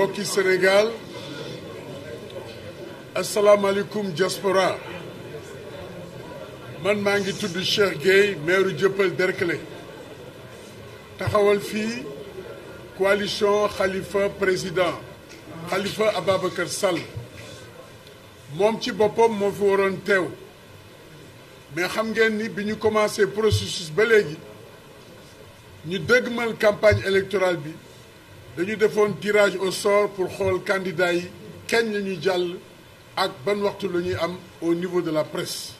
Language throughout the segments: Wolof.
mbokki Sénégal asalaamaaleykum diaspora man maa ngi tudd Cheikh Gueye maire Dieuppeul Derklé taxawal fii coalition Khalifa président Khalifa Ababacar Sall moom ci boppam moo fi waroon teew mais xam ngeen ni bi ñu commencé processus ba léegi ñu dëgmal campagne électorale bi dañu defoon tirage au sort pour xool candidat yi keñ lañuy jàll ak ban waxtu la ñuy am au niveau de la presse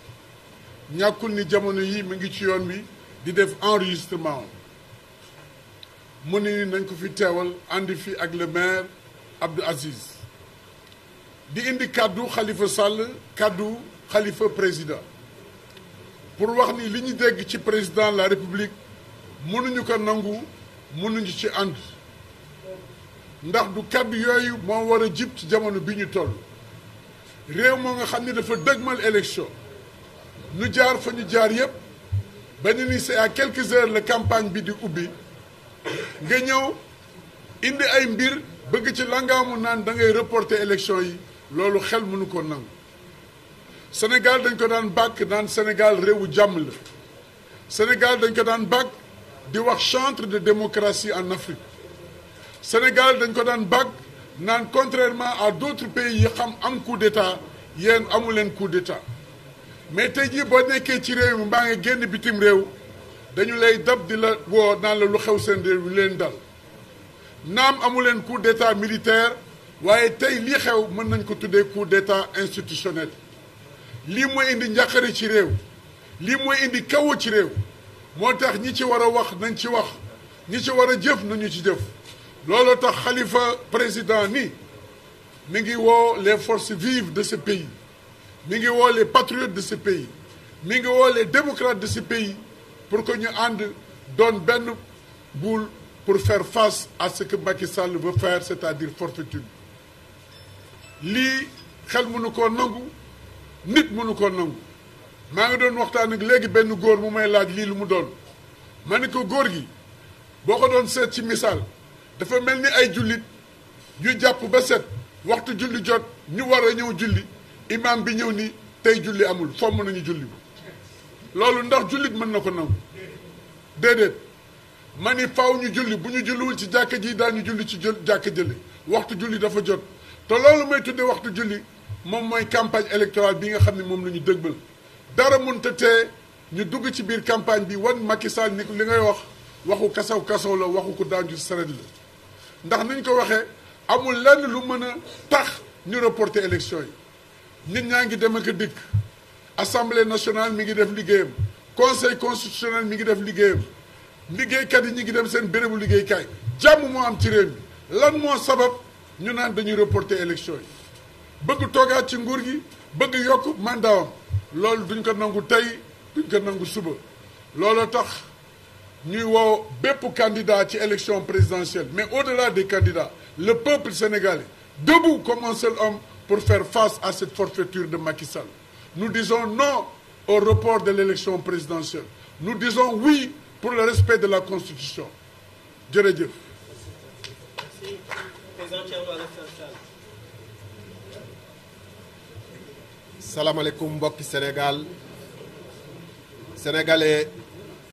ñàkkul ni jamono yi mu ngi ci yoon bi di def enregistrement mu ne ni nañ ko fi teewal ànd fi ak le maire Abdou Aziz di indi kàddu xalifa Sall kàddu xalifa président pour wax ni li ñu dégg ci président la république mënuñu ko nangu mënuñu ci ànd ndax du kàddu yooyu moo war a jib ci jamono bi ñu toll réew moo nga xam ni dafa dëgmal élection ñu jaar fa ñu jaar yépp ba ñu ni c'est à quelques heures la campagne bi di ubbi nga ñëw indi ay mbir bëgg ci langaamu naan da ngay reporter élection yi loolu xel mënu ko nangu Sénégal dañ ko daan bàkk naan Sénégal réewu jàmm la Sénégal dañ ko daan bàkk di wax chantre de démocratie en Afrique Sénégal dañ ko daan bag naan contrairement à d'autres pays yi xam am coup d'état yéen amu leen coup d'état mais tey jii boo nekkee ci réew mi mbaa nga génn bitim réew dañu lay dab di la woo naan la lu xew seen réew yu leen dal naam amul leen coup d'état militaire waaye tey lii xew mën nañ ko tuddee coup d'état institutionnel lii mooy indi njàqare ci réew lii mooy indi kaw ci réew moo tax ñi ci war a wax nañ ci wax ñi ci war a jëf nañu ci jëf loolu tax xalifa président ni mi ngi woo les forces vives de ce pays mi ngi woo les patriotes de ce pays mi ngi woo les démocrates de ce pays pour que ñu ànd doon benn boule pour faire face à ce que Macky Sall veut faire c'est-à-dire forfaiture lii xel mënu ko nangu nit mënu ko nangu maa ngi doon waxtaan ak léegi benn góor mu may laaj lii lu mu doon ma ne ko góor gi boo ko doon seet ci misaal dafa mel ni ay jullit yu jàpp ba set waxtu julli jot ñu war a ñëw julli imaam bi ñëw ni tey julli amul mën nañu julli loolu ndax jullit mën na ko nangu déedéet ma ni faw ñu julli bu ñu julliwul ci jàkka ji daañu julli ci jël jàkka jële waxtu julli dafa jot te loolu may tudde waxtu julli moom mooy campagne électorale bi nga xam ne moom la ñu dëgbal dara mënta tee ñu dugg ci biir campagne bi wan Macky Sall ni li ngay wax waxu kasaw kasaw la waxu ko daanju saret la ndax niñ ko waxee amul lenn lu mën a tax ñu reporter élection yi nit ñaa ngi dem ak a dikk assemblée nationale mi ngi def liggéeyam conseil constitutionnel mi ngi def liggéeyam liggéeykat yi ñu ngi dem seen bérébu liggéeykaay jàmm moo am ci réew mi lan moo sabab ñu naan dañuy reporter élection yi bëgg toogaat ci nguur gi bëgg yokk mandaawam loolu duñ ko nangu tey duñ ko nangu suba looloo tax ñuy woo bépp candidat ci élection présidentielle mais au-delà des candidats le peuple sénégal debout comme un seul homme pour faire face à cette forfaiture de Macky Sall nous disons non au report de l'élection présidentielle nous disons oui pour le respect de la constitution jërëjëf salaamaaleykum mbokki Sénégal sénégalais